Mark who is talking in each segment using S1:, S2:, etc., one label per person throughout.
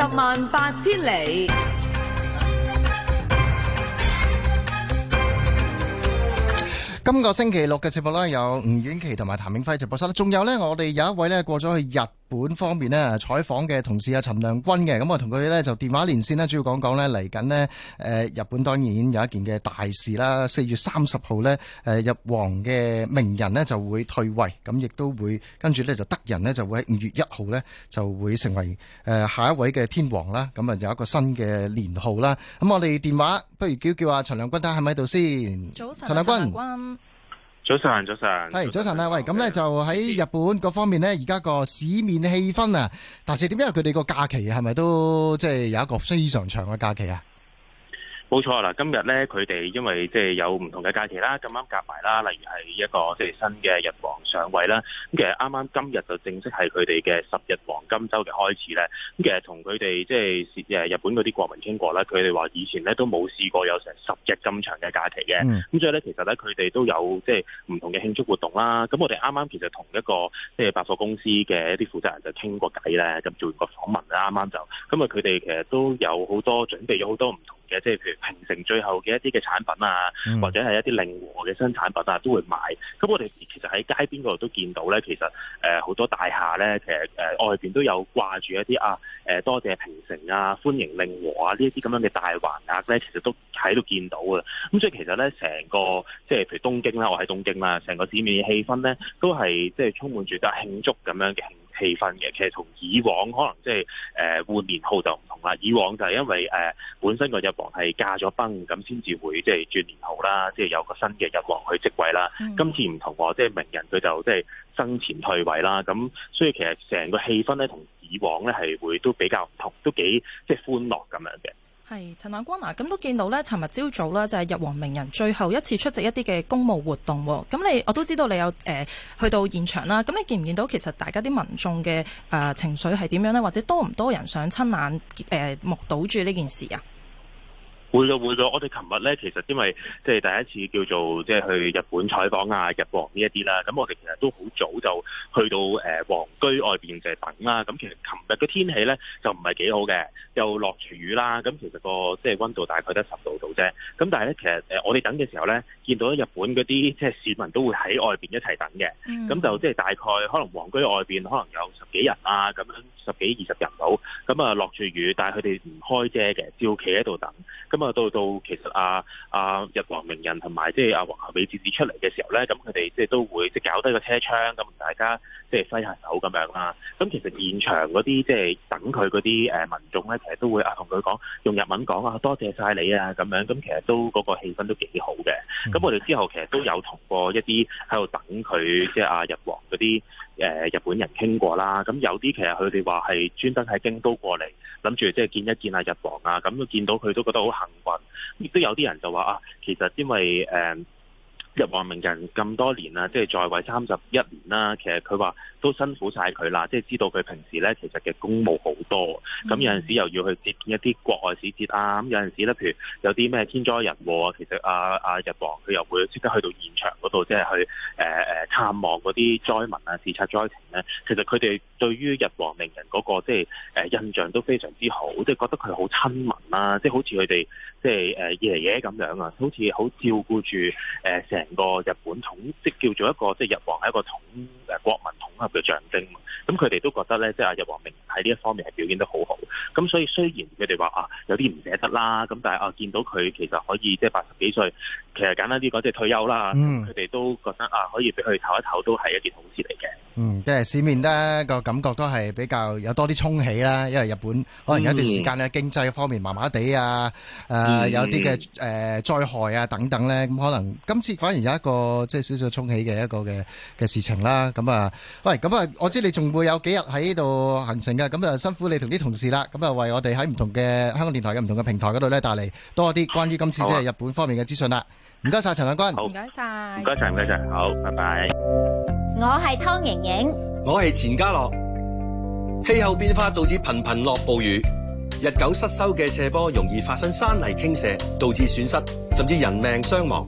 S1: 十萬八
S2: 千里。今個星期六嘅直播咧，有吳婉琪同埋譚詠輝直播室啦，仲有咧，我哋有一位咧過咗去日。日本方面呢，採訪嘅同事阿陳亮君嘅，咁我同佢呢就電話連線咧，主要講講呢嚟緊呢，誒日本當然有一件嘅大事啦。四月三十號呢，誒日皇嘅明仁呢就會退位，咁亦都會跟住呢，就德仁呢就會喺五月一號呢就會成為誒下一位嘅天皇啦。咁啊有一個新嘅年號啦。咁我哋電話不如叫叫阿陳亮均睇下喺咪喺度先。早晨，陳亮均。早晨，早晨，係早晨啊喂，咁咧、okay. 就喺日本各方面咧，而家個市面氣氛啊，但是點解佢哋個假期係咪都即係、就是、有一個非常長嘅假期啊？
S3: 冇錯啦！今日咧，佢哋因為即係有唔同嘅假期啦，咁啱夾埋啦，例如係一個即係新嘅日皇上位啦。咁其實啱啱今日就正式係佢哋嘅十日黃金週嘅開始咧。咁其實同佢哋即係誒日本嗰啲國民傾過啦，佢哋話以前咧都冇試過有成十日咁長嘅假期嘅。咁、mm. 所以咧，其實咧佢哋都有即係唔同嘅慶祝活動啦。咁我哋啱啱其實同一個即係百貨公司嘅一啲負責人就傾過偈咧，咁做完個訪問啦，啱啱就咁啊，佢哋其實都有好多準備咗好多唔同嘅即係譬如平成最後嘅一啲嘅產品啊，或者係一啲令和嘅新產品啊，都會買。咁我哋其實喺街邊嗰度都見到咧，其實誒好、呃、多大廈咧，其實誒、呃、外邊都有掛住一啲啊誒、呃、多謝平成啊，歡迎令和啊呢一啲咁樣嘅大橫額咧，其實都喺度見到嘅。咁所以其實咧，成個即係譬如東京啦，我喺東京啦，成個市面嘅氣氛咧，都係即係充滿住嘅慶祝咁樣嘅。氣氛嘅，其實同以往可能即係誒換年號就唔同啦。以往就係因為誒、呃、本身個日皇係駕咗崩，咁先至會即係轉年號啦，即、就、係、是、有個新嘅日皇去即位啦。嗯、今次唔同喎，即係明仁佢就即係生前退位啦。咁所以其實成個氣氛咧，同以往咧係會都比較唔同，都幾即係歡樂咁樣嘅。
S1: 係，陳亮均嗱，咁都見到呢尋日朝早啦就係日皇明仁最後一次出席一啲嘅公務活動喎。咁你我都知道你有誒、呃、去到現場啦。咁你見唔見到其實大家啲民眾嘅誒、呃、情緒係點樣呢？或者多唔多人想親眼誒、呃、目睹住呢件事啊？
S3: 會嘅，會嘅。我哋琴日咧，其實因為即係第一次叫做即係、即係、去日本採訪啊、日皇呢一啲啦，咁我哋其實都好早就去到誒皇、呃、居外邊就係等啦。咁其實琴日嘅天氣咧就唔係幾好嘅，又落住雨啦。咁其實個即係溫度大概得十度度啫。咁但係咧，其實誒我哋等嘅時候咧，見到日本嗰啲即係市民都會喺外邊一齊等嘅。咁、嗯、就即係大概可能皇居外邊可能有十幾人啊，咁樣十幾二十人到。咁啊落住雨，但係佢哋唔開遮嘅，照企喺度等。咁咁啊，到到其實啊啊日皇明仁同埋即係啊皇后美智子出嚟嘅時候咧，咁佢哋即係都會即係、就是、搞低個車窗，咁大家即係揮下手咁樣啦。咁其實現場嗰啲即係等佢嗰啲誒民眾咧，其實都會啊同佢講用日文講啊，多謝晒你啊咁樣。咁其實都嗰、那個氣氛都幾好嘅。咁我哋之後其實都有同過一啲喺度等佢即係啊日皇嗰啲。誒日本人傾過啦，咁有啲其實佢哋話係專登喺京都過嚟，諗住即係見一見啊，日皇啊，咁都見到佢都覺得好幸運。亦都有啲人就話啊，其實因為誒、嗯、日皇明仁咁多年啦，即係在位三十一年啦，其實佢話，都辛苦晒佢啦，即係知道佢平時咧其實嘅公務好多，咁有陣時又要去接見一啲國外使節啊，咁有陣時咧譬如有啲咩天災人禍啊，其實阿阿日皇佢又會即刻去到現場嗰度，即係去誒誒探望嗰啲災民啊，視察災情咧。其實佢哋對於日皇明仁嗰個即係誒印象都非常之好，即係覺得佢好親民啦，即係好似佢哋即係誒爺爺咁樣啊，好似好照顧住誒成個日本統，即係叫做一個即係日皇係一個統誒國民統啊。嘅象徵，咁佢哋都覺得咧，即係啊日皇明仁喺呢一方面係表現得好好，咁所以雖然佢哋話啊有啲唔捨得啦，咁但係啊見到佢其實可以即係八十幾歲。其實簡單啲講，即係退休啦，佢哋都覺得啊，可以俾佢唞一唞，都係一件好事嚟
S2: 嘅。嗯，即係市面呢個感覺都係比較有多啲沖起啦，因為日本可能有一段時間呢經濟方面麻麻地啊，誒有啲嘅誒災害啊等等咧，咁可能今次反而有一個即係、就是、少少沖起嘅一個嘅嘅事情啦。咁啊，喂，咁啊，我知你仲會有幾日喺度行程㗎。咁啊辛苦你同啲同事啦，咁啊為我哋喺唔同嘅香港電台嘅唔同嘅平台嗰度咧帶嚟多啲關於今次即係日本方面嘅資訊啦。唔該晒陳亮均，唔該
S4: 晒，
S3: 唔該晒，唔該晒，好，拜拜。
S4: 我係湯盈盈，
S3: 我係錢嘉樂。氣候變化導致頻頻落暴雨，日久失修嘅斜坡容易發生山泥傾瀉，導致損失甚至人命傷亡，
S4: 哦。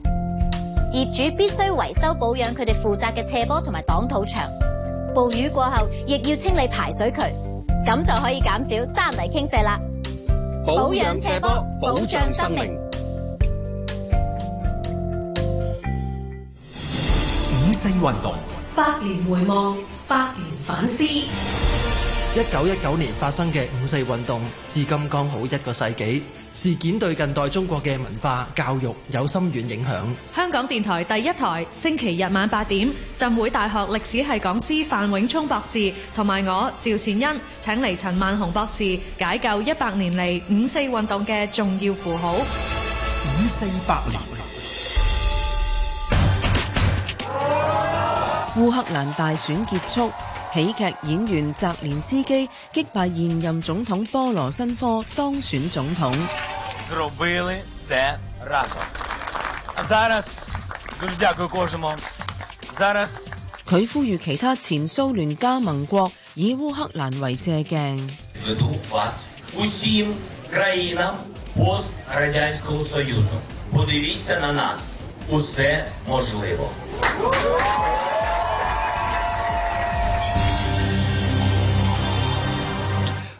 S4: 業主必須維修保養佢哋負責嘅斜坡同埋擋土牆，暴雨過後亦要清理排水渠，咁就可以減少山泥傾瀉啦。保養斜坡，保障生命。
S3: 運動
S1: 百年回望，百年反思。
S3: 一九一九年發生嘅五四運動，至今剛好一個世紀。事件對近代中國嘅文化、教育有深遠影響。
S1: 香港電台第一台星期日晚八點，浸會大學歷史系講師范永聰博士同埋我趙善恩，請嚟陳萬雄博士解救一百年嚟五四運動嘅重要符號。五四百年。烏克蘭大選結束，喜劇演員澤連斯基擊敗現任總統波羅申科當選總統。佢呼籲其他前蘇聯加盟國以烏克蘭為借鏡。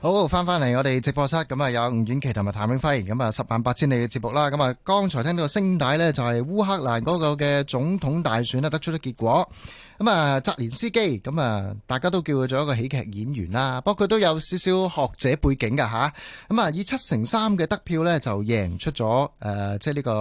S2: 好，返返嚟我哋直播室，咁啊有吳婉琪同埋譚永輝，咁啊十萬八千里嘅節目啦，咁啊剛才聽到聲帶呢，就係烏克蘭嗰個嘅總統大選呢得出咗結果。咁啊，澤連斯基咁啊，大家都叫佢做一個喜劇演員啦。不過佢都有少少學者背景㗎。吓。咁啊，以七成三嘅得票呢，呃，就贏出咗誒，即係呢個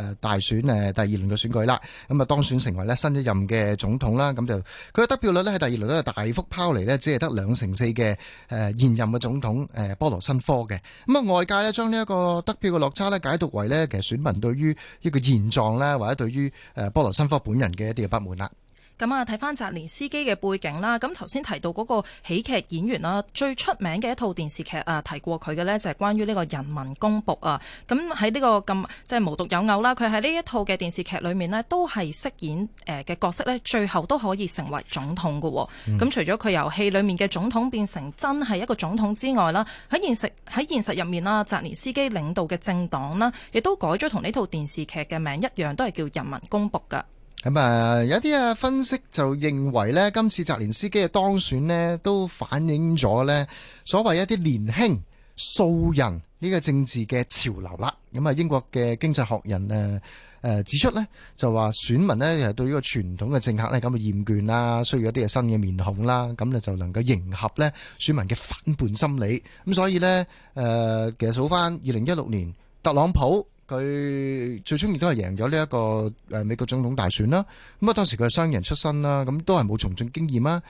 S2: 誒大選誒第二輪嘅選舉啦。咁啊當選成為呢新一任嘅總統啦。咁就佢嘅得票率呢，喺第二輪呢大幅拋離呢只係得兩成四嘅誒現任嘅總統誒波羅申科嘅。咁啊外界呢將呢一個得票嘅落差呢，解讀為呢其實選民對於呢個現狀呢或者對於誒波羅申科本人嘅一啲嘅不滿啦。
S1: 咁啊，睇翻澤連斯基嘅背景啦。咁頭先提到嗰個喜劇演員啦，最出名嘅一套電視劇啊，提過佢嘅呢就係關於呢個人民公僕啊。咁喺呢個咁即係無獨有偶啦，佢喺呢一套嘅電視劇裏面呢，都係飾演誒嘅角色呢，最後都可以成為總統喎。咁、嗯、除咗佢由戲裏面嘅總統變成真係一個總統之外啦，喺現實喺現實入面啦，澤連斯基領導嘅政黨啦，亦都改咗同呢套電視劇嘅名一樣，都係叫人民公僕噶。
S2: 咁、嗯、啊，有啲啊分析就認為呢今次澤連斯基嘅當選呢都反映咗呢所謂一啲年輕素人呢個政治嘅潮流啦。咁、嗯、啊，英國嘅經濟學人誒誒、呃呃、指出呢就話選民咧又對呢個傳統嘅政客呢咁啊厭倦啦，需要一啲嘅新嘅面孔啦，咁咧就能夠迎合呢選民嘅反叛心理。咁、嗯、所以呢誒，其實數翻二零一六年特朗普。佢最終亦都係贏咗呢一個誒美國總統大選啦。咁啊，當時佢係商人出身啦，咁都係冇從政經驗啦。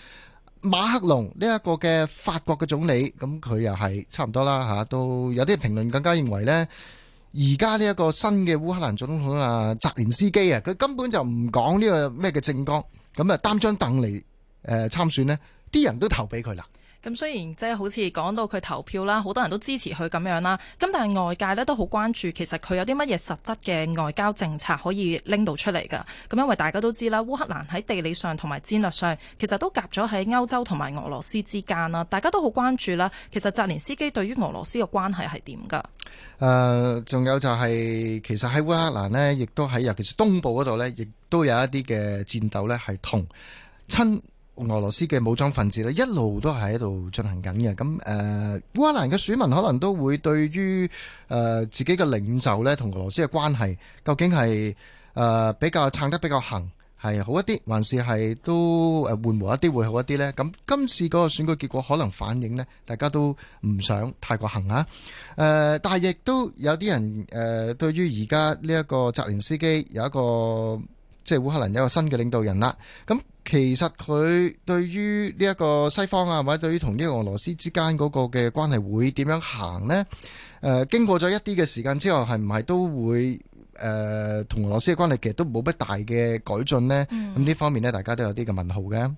S2: 馬克龍呢一個嘅法國嘅總理，咁佢又係差唔多啦吓，都有啲評論更加認為呢，而家呢一個新嘅烏克蘭總統啊，澤連斯基啊，佢根本就唔講呢個咩嘅政綱，咁啊擔張凳嚟誒參選呢，啲人都投俾佢啦。
S1: 咁雖然即係好似講到佢投票啦，好多人都支持佢咁樣啦。咁但係外界呢都好關注，其實佢有啲乜嘢實質嘅外交政策可以拎到出嚟㗎。咁因為大家都知啦，烏克蘭喺地理上同埋戰略上，其實都夾咗喺歐洲同埋俄羅斯之間啦。大家都好關注啦，其實澤連斯基對於俄羅斯嘅關係係點㗎？誒、
S2: 呃，仲有就係、是、其實喺烏克蘭呢，亦都喺尤其是東部嗰度呢，亦都有一啲嘅戰鬥呢係同親，俄羅斯嘅武裝分子咧，一路都係喺度進行緊嘅。咁誒，烏克蘭嘅選民可能都會對於誒、呃、自己嘅領袖咧，同俄羅斯嘅關係，究竟係誒比較撐得比較行，係好一啲，還是係都誒緩和一啲會好一啲呢？咁今次嗰個選舉結果可能反映咧，大家都唔想太過行啊。誒、呃，但係亦都有啲人誒、呃，對於而家呢一個澤連斯基有一個即係、就是、烏克蘭有一個新嘅領導人啦。咁其實佢對於呢一個西方啊，或者對於同呢個俄羅斯之間嗰個嘅關係會點樣行呢？誒、呃，經過咗一啲嘅時間之後，係唔係都會誒同、呃、俄羅斯嘅關係其實都冇乜大嘅改進呢？咁、嗯、呢方面呢，大家都有啲嘅問號嘅。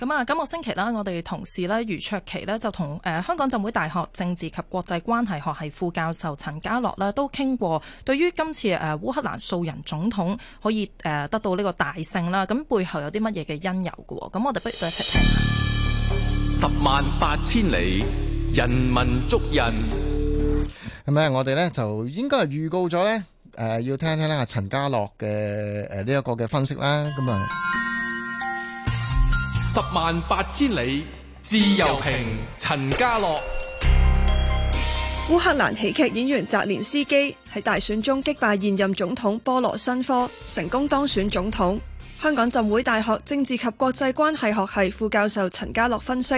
S1: 咁啊，今個星期啦，我哋同事咧，余卓琪呢，就同誒、呃、香港浸會大學政治及國際關係學系副教授陳家洛呢，都傾過對於今次誒烏、呃、克蘭素人總統可以誒、呃、得到呢個大勝啦，咁、呃、背後有啲乜嘢嘅因由嘅喎？咁、呃、我哋不如都一齊聽下。十萬八千里，人民足印。
S2: 咁、嗯、咧，我哋咧就應該係預告咗咧，誒、呃、要聽聽聽阿陳家洛嘅呢一個嘅分析啦。咁、嗯、啊～、呃十萬八千里自由評，陳家洛。
S1: 烏克蘭喜劇演員澤連斯基喺大選中擊敗現任總統波羅申科，成功當選總統。香港浸會大學政治及國際關係學系副教授陳家洛分析，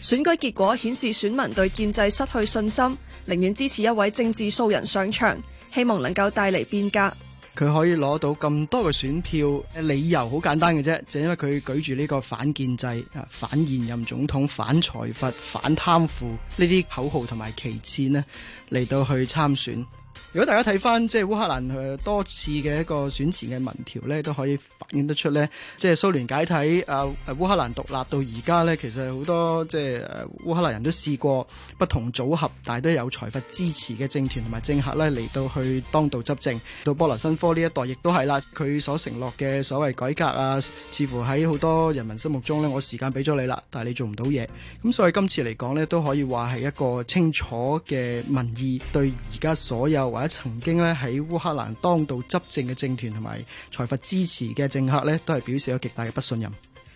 S1: 選舉結果顯示選民對建制失去信心，寧願支持一位政治素人上場，希望能夠帶嚟變革。
S4: 佢可以攞到咁多嘅選票，理由好簡單嘅啫，就因為佢舉住呢個反建制、啊反現任總統、反財閥、反貪腐呢啲口號同埋旗幟呢，嚟到去參選。如果大家睇翻即係烏克蘭多次嘅一個選前嘅民調呢，都可以反映得出呢，即係蘇聯解體、誒、啊、烏克蘭獨立到而家呢，其實好多即係、誒、烏克蘭人都試過不同組合，但係都有財閥支持嘅政團同埋政客呢，嚟到去當道執政。到波羅申科呢一代亦都係啦，佢所承諾嘅所謂改革啊，似乎喺好多人民心目中呢，我時間俾咗你啦，但係你做唔到嘢。咁所以今次嚟講呢，都可以話係一個清楚嘅民意對而家所有或曾經咧喺烏克蘭當道執政嘅政團同埋財閥支持嘅政客都係表示有極大嘅不信任。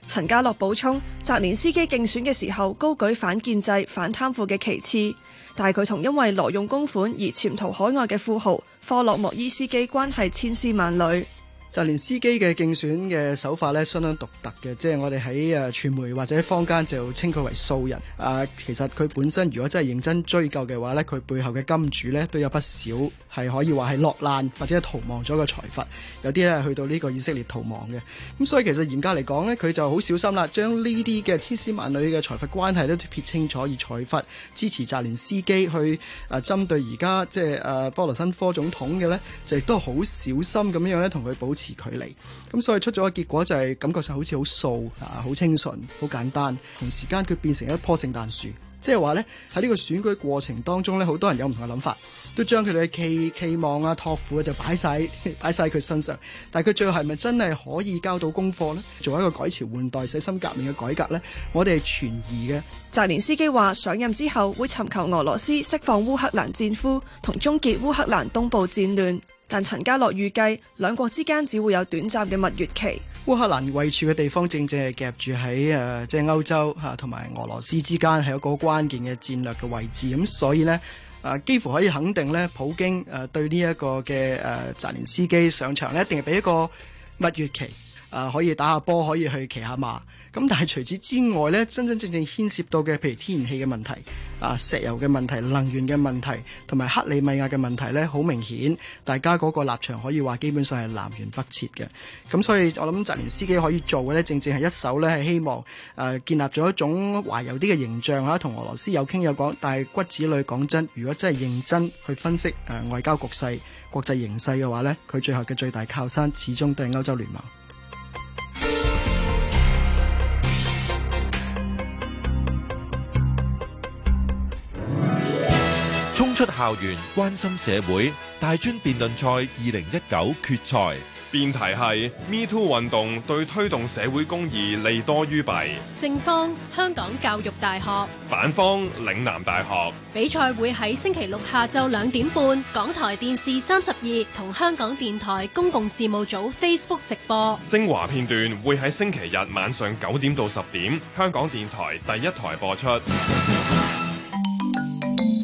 S1: 陳家洛補充：澤連斯基競選嘅時候高舉反建制、反貪腐嘅旗幟，但係佢同因為挪用公款而潛逃海外嘅富豪科洛莫伊斯基關
S4: 係千絲萬縷。澤連斯基嘅競選嘅手法呢，相當獨特嘅，即係我哋喺誒傳媒或者坊間就稱佢為素人。啊，其實佢本身如果真係認真追究嘅話呢，佢背後嘅金主呢，都有不少係可以話係落難或者逃亡咗嘅財閥，有啲係去到呢個以色列逃亡嘅。咁所以其實嚴格嚟講呢，佢就好小心啦，將呢啲嘅千絲萬縷嘅財閥關係都撇清，清楚以閥，而財閥支持澤連斯基去啊針對而家即係誒、啊、波羅申科總統嘅呢，就都好小心咁樣咧同佢保詞持距離，咁所以出咗個結果就係感覺上好似好素啊，好清純，好簡單。同時間佢變成一棵聖誕樹，即係話呢，喺呢個選舉過程當中呢，好多人有唔同嘅諗法，都將佢哋嘅期期望啊、託付就擺晒擺曬喺佢身上。但係佢最後係咪真係可以交到功課呢？做一個改朝換代、
S1: 洗心革命嘅改革呢？我哋係存疑嘅。澤連斯基話上任之後會尋求俄羅斯釋放烏克蘭戰俘同終結烏克蘭東部戰亂。但陳家洛預計兩國之間只會有短暫嘅蜜月期。烏克蘭位處嘅地方正正係夾
S4: 住喺，誒即係歐洲嚇同埋俄羅斯之間，係一個關鍵嘅戰略嘅位置，咁所以呢，誒幾乎可以肯定咧，普京誒對呢一個嘅誒澤連斯基上場咧，一定係俾一個蜜月期。啊，可以打下波，可以去騎下馬。咁但係除此之外呢，真真正正牽涉到嘅，譬如天然氣嘅問題，啊石油嘅問題，能源嘅問題，同埋克里米亞嘅問題呢，好明顯，大家嗰個立場可以話基本上係南轅北轍嘅。咁所以我諗澤連斯基可以做嘅呢，正正係一手呢，係希望、啊、建立咗一種懷柔啲嘅形象啊，同俄羅斯有傾有講。但係骨子裏講真，如果真係認真去分析、啊、外交局勢、國際形勢嘅話呢，佢最後嘅最大靠山始終都係歐洲聯盟。
S3: 出校園關心社會大專辯論賽二零一九決賽辯題係 Me Too 運動對推動社會公義利多於弊，
S1: 正方香港教育大學，
S3: 反方嶺南大學。
S1: 比賽會喺星期六下晝兩點半港台電視三十二同香港電台公共事務組 Facebook 直播，
S3: 精華片段會喺星期日晚上九點到十點香港電台第一台播出。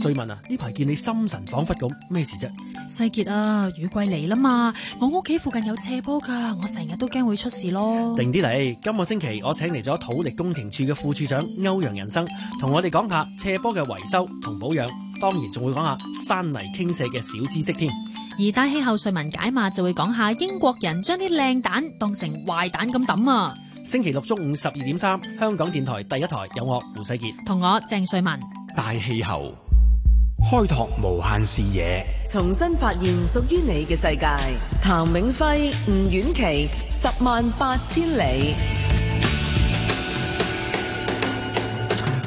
S3: 瑞文啊，呢排見你心神恍惚咁，咩事啫？
S1: 世杰啊，雨季嚟啦嘛，我屋企附近有斜坡噶，我成日都驚會出事咯。
S3: 定啲嚟，今個星期我請嚟咗土力工程處嘅副處長歐陽人生，同我哋講下斜坡嘅維修同保養，當然仲會講下山泥傾瀉嘅小知識添。
S1: 而大氣候，瑞文解碼就會講下英國人將啲靚蛋當成壞蛋咁抌啊！星期六中午
S3: 十二點三，3，香港電台第一台有我胡世杰同我鄭瑞文大氣候。開拓無限視野，
S1: 重新發現屬於你嘅世界。譚永輝、吳婉琪，十萬八千里。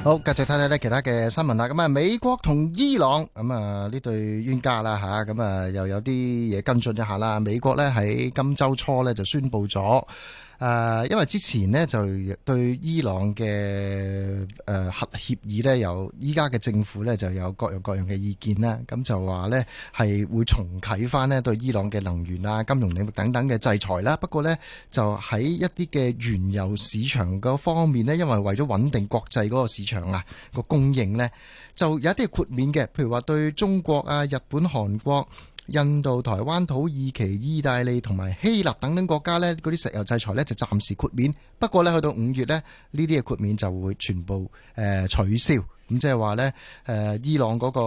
S2: 好，繼續睇睇咧其他嘅新聞啦。咁啊，美國同伊朗咁啊呢對冤家啦吓，咁啊又有啲嘢跟進一下啦。美國咧喺今周初咧就宣布咗。誒，因為之前呢就對伊朗嘅誒核協議呢有依家嘅政府呢就有各樣各樣嘅意見啦。咁就話呢係會重啟翻呢對伊朗嘅能源啊、金融領域等等嘅制裁啦。不過呢，就喺一啲嘅原油市場嗰方面呢，因為為咗穩定國際嗰個市場啊個供應呢就有一啲豁免嘅，譬如話對中國啊、日本、韓國。印度、台灣、土耳其、意大利同埋希臘等等國家呢，嗰啲石油制裁呢就暫時豁免。不過呢，去到五月呢，呢啲嘅豁免就會全部誒取消。咁即係話呢，誒伊朗嗰個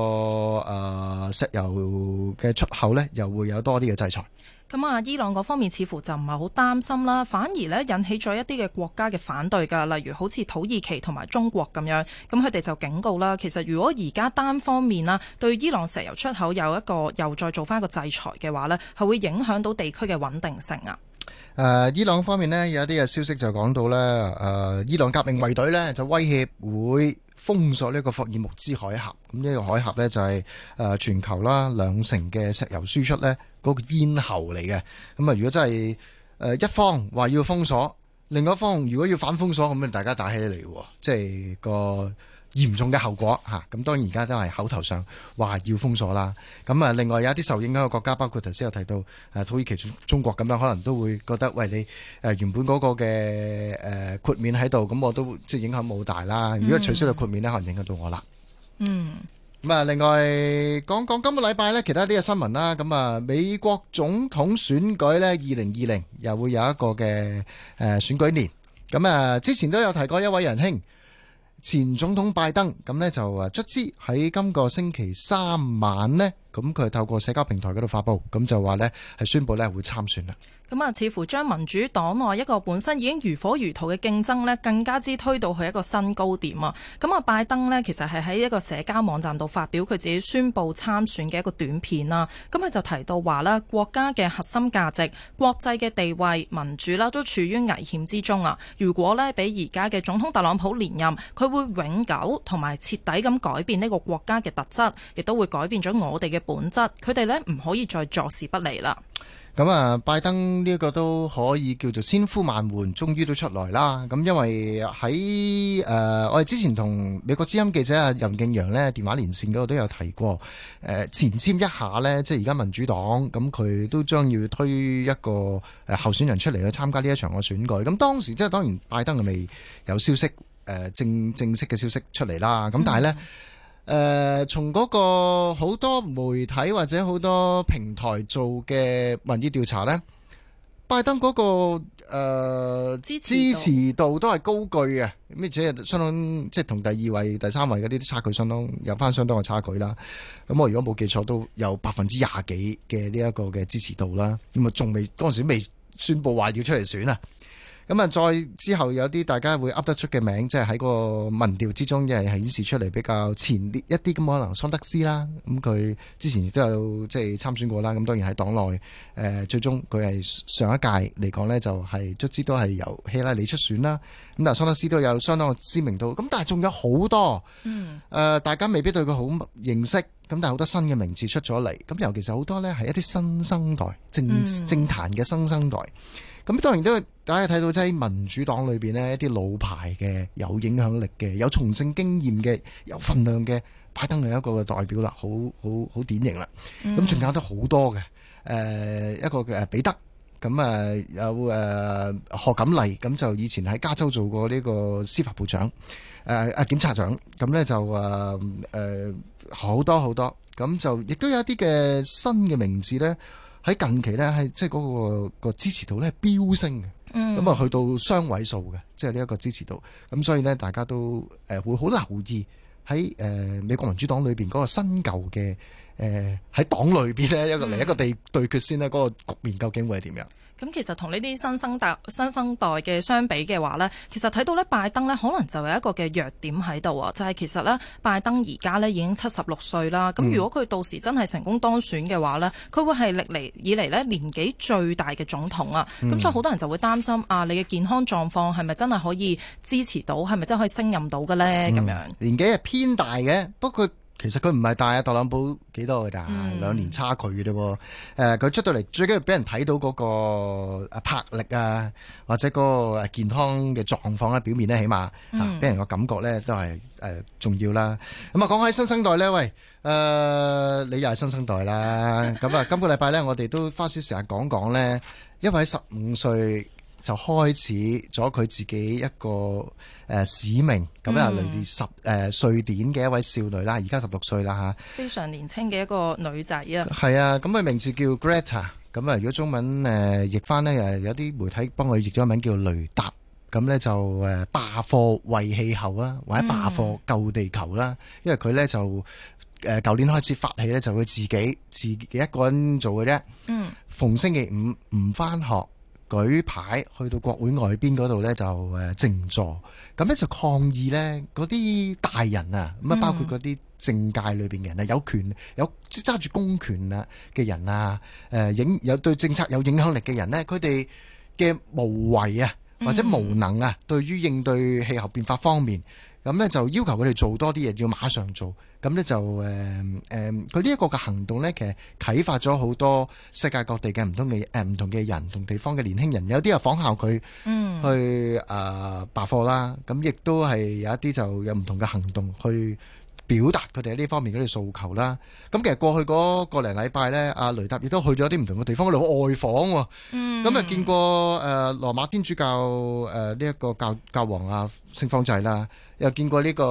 S2: 誒石油嘅出口呢，又會有多啲嘅制裁。
S1: 咁啊，伊朗嗰方面似乎就唔係好擔心啦，反而呢，引起咗一啲嘅國家嘅反對㗎，例如好似土耳其同埋中國咁樣，咁佢哋就警告啦，其實如果而家單方面啦，對伊朗石油出口有一個又再做返一個制裁嘅話呢，係會影響到地區嘅穩定性啊。
S2: 誒、呃，伊朗方面呢，有一啲嘅消息就講到呢，誒、呃，伊朗革命衛隊呢就威脅會。封鎖呢個霍爾木茲海峽，咁、呢、呢個海峽呢就係誒全球啦兩成嘅石油輸出呢嗰個咽喉嚟嘅。咁啊，如果真係誒一方話要封鎖，另一方如果要反封鎖，咁咪大家打起嚟喎，即、就、係、係嗰個。嚴重嘅後果嚇，咁當然而家都係口頭上話要封鎖啦。咁啊，另外有一啲受影響嘅國家，包括頭先有提到土耳其、中國咁樣，可能都會覺得喂，你誒原本嗰個嘅誒豁免喺度，咁我都即係影響冇大啦。如果取消咗豁免咧，可能影響到我啦。嗯。咁啊，另外講講今個禮拜呢，其他啲嘅新聞啦。咁啊，美國總統選舉呢，二零二零又會有一個嘅誒選舉年。咁啊，之前都有提過一位仁兄。前總統拜登咁咧就誒卒之喺今個星期三晚咧。咁佢透過社交平台嗰度發佈，咁就話咧係宣布咧會參選啦。
S1: 咁啊，似乎將民主黨內一個本身已經如火如荼嘅競爭咧，更加之推到去一個新高點啊！咁啊，拜登咧其實，係喺一個社交網站度發表佢自己宣布參選嘅一個短片啦。咁佢就提到話咧，國家嘅核心價值、國際嘅地位、民主啦，都處於危險之中啊！如果咧俾而家嘅總統特朗普連任，佢會永久同埋徹底咁改變呢個國家嘅特質，亦都會改變咗我哋嘅。本質，佢哋咧唔可以再坐視不理啦。
S2: 咁啊，拜登呢一個都可以叫做千呼萬喚，終於都出來啦。咁因為喺誒、呃，我哋之前同美國之音記者啊任敬陽呢電話連線嗰度都有提過，誒、呃、前瞻一下呢，即係而家民主黨咁，佢都將要推一個誒候選人出嚟去參加呢一場嘅選舉。咁當時即係當然拜登係未有消息，誒、呃、正正式嘅消息出嚟啦。咁但係呢。嗯誒、呃，從嗰個好多媒體或者好多平台做嘅民意調查咧，拜登嗰、那個誒、呃、支，支持度都係高句嘅，而且相當即係同第二位、第三位嗰啲差距相當有翻相當嘅差距啦。咁我如果冇記錯，都有百分之廿幾嘅呢一個嘅支持度啦。咁啊，仲未當時未宣布話要出嚟選啊。咁啊，再之後有啲大家會噏得出嘅名，即係喺個民調之中亦係顯示出嚟比較前列一啲，咁可能桑德斯啦。咁佢之前亦都有即係參選過啦。咁當然喺黨內誒最終佢係上一屆嚟講呢，就係卒之都係由希拉里出選啦。咁但係桑德斯都有相當嘅知名度。咁但係仲有好多、嗯，大家未必對佢好認識。咁但係好多新嘅名字出咗嚟。咁尤其是好多呢，係一啲新生代政政壇嘅新生代。咁當然都大家睇到即係民主黨裏面呢一啲老牌嘅有影響力嘅有從政經驗嘅有份量嘅拜登係一個嘅代表啦，好好好典型啦。咁、嗯、仲有得好多嘅，誒、呃、一個嘅彼得，咁、呃、啊有誒、呃、何錦麗，咁、呃、就以前喺加州做過呢個司法部長，誒、呃、檢察長，咁咧就誒好多好多，咁就亦都有一啲嘅新嘅名字咧。喺近期咧，係即係嗰、嗰個嗰個支持度咧係飆升嘅，咁啊去到雙位數嘅，即係呢一個支持度。咁所以咧，大家都誒、呃、會好留意喺誒、呃、美國民主黨裏邊嗰個新舊嘅誒喺黨裏邊咧一個另一個地對決先咧，嗰 個局面究竟會係點樣？
S1: 咁其實同呢啲新生代新生代嘅相比嘅話呢，其實睇到呢，拜登呢，可能就有一個嘅弱點喺度啊，就係、是、其實呢拜登而家呢已經七十六歲啦。咁如果佢到時真係成功當選嘅話呢，佢會係歷嚟以嚟呢年紀最大嘅總統啊。咁所以好多人就會擔心啊，你嘅健康狀況係咪真係可以支持到，係咪真係可以升任到嘅呢？咁、嗯、
S2: 樣年紀係偏大嘅，不過。其實佢唔係大啊，特朗普幾多噶咋？兩年差距嘅啫。誒，佢出到嚟最緊要俾人睇到嗰個魄力啊，或者嗰個健康嘅狀況咧，表面咧起碼吓，俾人個感覺咧都係誒重要啦。咁啊，講起新生代咧，喂，誒，你又係新生代啦。咁啊，今個禮拜咧，我哋都花少少時間講講咧，因為喺十五歲。就開始咗佢自己一個誒使命，咁、呃、啊，嚟自十誒、呃、瑞典嘅一位少女啦，而家十六歲啦，非
S1: 常年輕嘅一個女仔啊。
S2: 係啊，咁佢名字叫 Greta，咁啊，如果中文誒譯、呃、翻呢，有啲媒體幫佢譯咗個名叫雷達，咁呢就誒罷課為氣候啊，或者罷課救地球啦、嗯。因為佢呢就誒舊、呃、年開始發起呢，就佢自己自己一個人做嘅啫。嗯，逢星期五唔返學。舉牌去到國會外邊嗰度呢，就誒靜坐，咁呢就抗議呢嗰啲大人啊，咁啊包括嗰啲政界裏邊嘅人啊、嗯，有權有揸住公權啊嘅人啊，誒影有對政策有影響力嘅人呢，佢哋嘅無謂啊或者無能啊，對於應對氣候變化方面，咁呢，就要求佢哋做多啲嘢，要馬上做。咁咧就誒誒，佢呢一個嘅行動咧，其實啟發咗好多世界各地嘅唔同嘅誒唔同嘅人同地方嘅年輕人，有啲又仿效佢去誒罷課啦。咁亦都係有一啲就有唔同嘅行動去。表達佢哋喺呢方面嗰啲訴求啦。咁其實過去嗰個零禮拜咧，阿雷達亦都去咗啲唔同嘅地方嗰度外訪。嗯。咁啊，見過誒羅馬天主教誒呢一個教教皇啊聖方濟啦，又見過呢個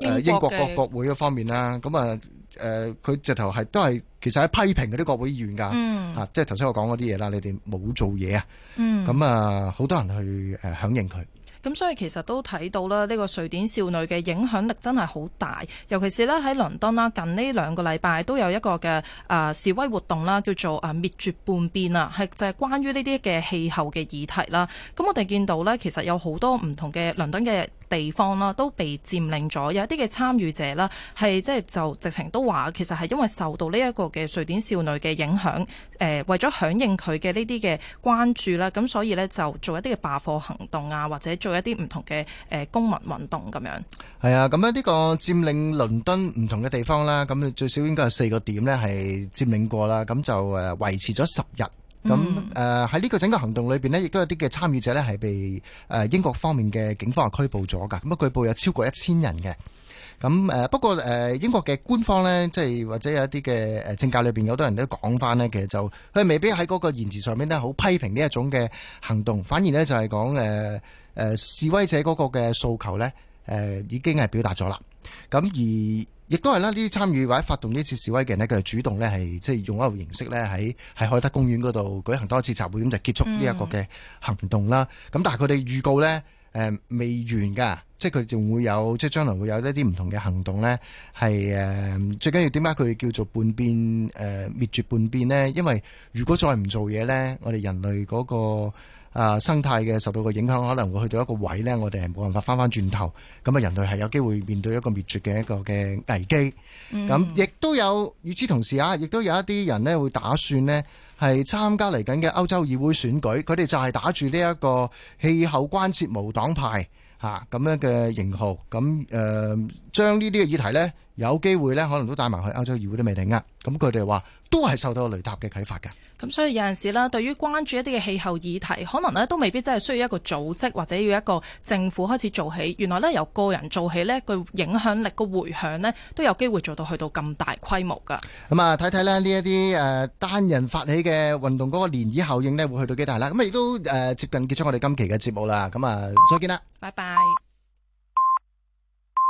S2: 誒英國國國會嗰方面啦。咁啊，誒佢直頭係都係其實喺批評嗰啲國會議員噶。嗯。吓，即係頭先我講嗰啲嘢啦，你哋冇做嘢啊。嗯。咁啊，好多人去誒響應佢。
S1: 咁所以其實都睇到啦，呢個瑞典少女嘅影響力真係好大，尤其是呢喺倫敦啦，近呢兩個禮拜都有一個嘅示威活動啦，叫做滅絕叛變啊，係就係關於呢啲嘅氣候嘅議題啦。咁我哋見到呢，其實有好多唔同嘅倫敦嘅地方啦都被佔領咗，有一啲嘅參與者啦係即係就，是、就直情都話，其實係因為受到呢一個嘅瑞典少女嘅影響，誒為咗響應佢嘅呢啲嘅關注啦，咁所以呢，就做一啲嘅罷課行動啊，或者做一啲唔同嘅誒公民運動咁樣。
S2: 係啊，咁樣呢個佔領倫敦唔同嘅地方啦，咁最少應該係四個點呢係佔領過啦，咁就誒維持咗十日。咁誒喺呢個整個行動裏面，呢亦都有啲嘅參與者呢係被誒英國方面嘅警方係拘捕咗㗎。咁拘捕有超過一千人嘅。咁誒不過誒、呃、英國嘅官方呢，即係或者有一啲嘅政界裏邊好多人都講翻呢，其實就佢未必喺嗰個言辭上面呢好批評呢一種嘅行動，反而呢，就係講誒示威者嗰個嘅訴求呢誒、呃、已經係表達咗啦。咁而。亦都係啦，呢啲參與或者發動呢次示威嘅人佢就主動呢係即係用一個形式呢，喺喺海德公園嗰度舉行多次集會，咁就結束呢一個嘅行動啦。咁、嗯、但係佢哋預告呢，呃、未完㗎，即係佢仲會有，即係將來會有一啲唔同嘅行動呢。係誒、呃、最緊要點解佢哋叫做叛變、呃、滅絕叛變呢？因為如果再唔做嘢呢，我哋人類嗰、嗰個。啊，生態的受到嘅影響，可能會去到一個位呢，我哋係冇辦法翻翻轉頭。咁啊，人類係有機會面對一個滅絕嘅一個嘅危機。咁亦都有與此同時啊，亦都有一啲人呢會打算呢係參加嚟緊嘅歐洲議會選舉。佢哋就係打住呢一個氣候關切無黨派嚇咁樣嘅型號。咁、嗯、誒，將呢啲嘅議題呢，有機會呢可能都帶埋去歐洲議會都未定啊。咁佢哋話都係受到雷達嘅啟發嘅。
S1: 咁所以有陣時咧，對於關注一啲嘅氣候議題，可能咧都未必真係需要一個組織或者要一個政府開始做起。原來咧由個人做起咧，佢影響力個回響咧都有機會做到去到咁大規模噶。
S2: 咁啊，睇睇咧呢一啲誒單人發起嘅運動嗰個漣漪效應咧，會去到幾大啦。咁亦都誒接近結束，我哋今期嘅節目啦。咁啊，再見啦，
S1: 拜拜。